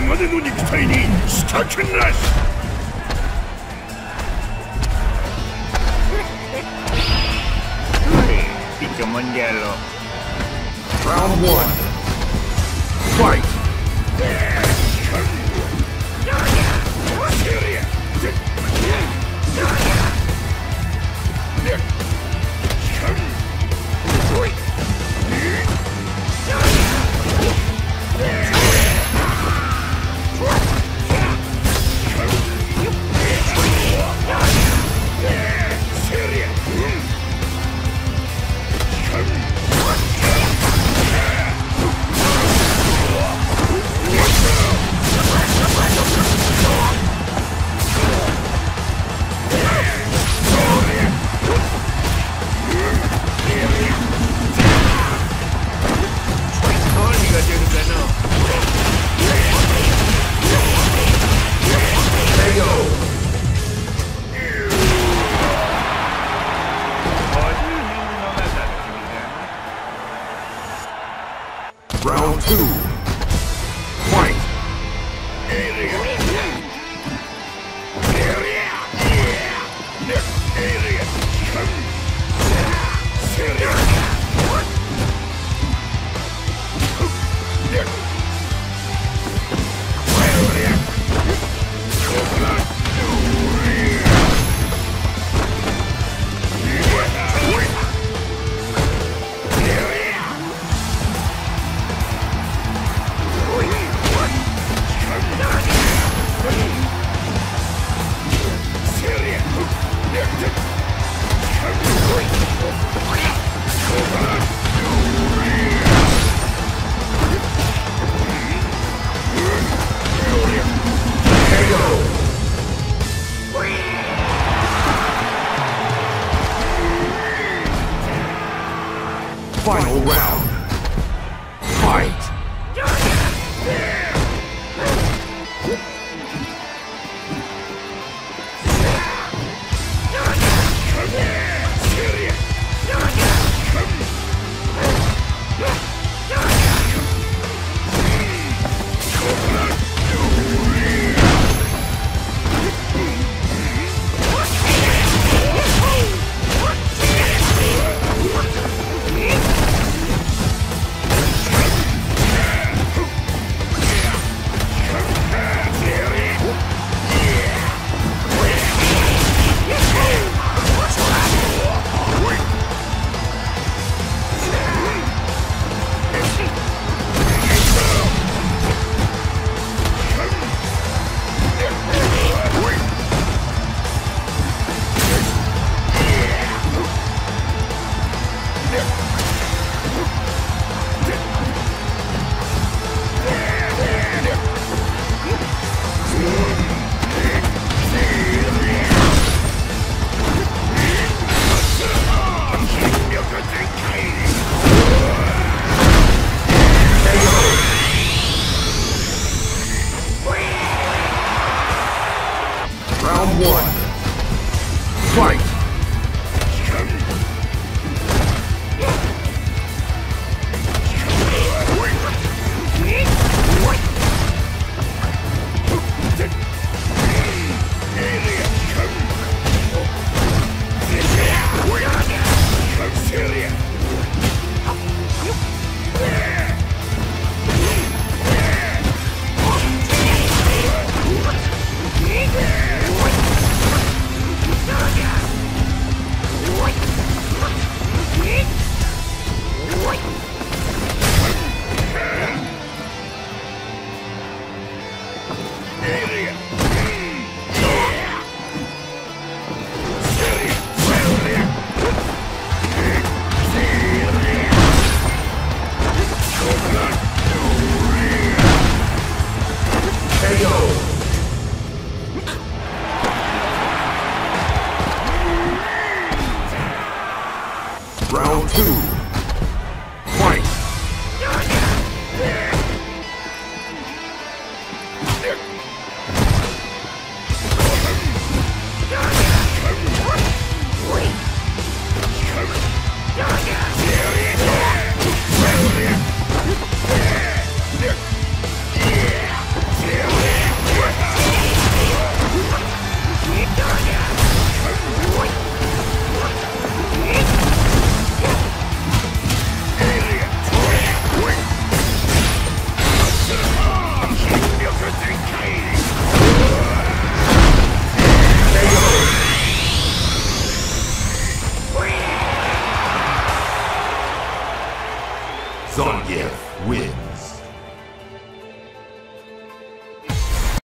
我までの肉体にしたくなし Round one. Fight! Round two. Fight! Alien. Final round. Thank you. two. Sonyev wins.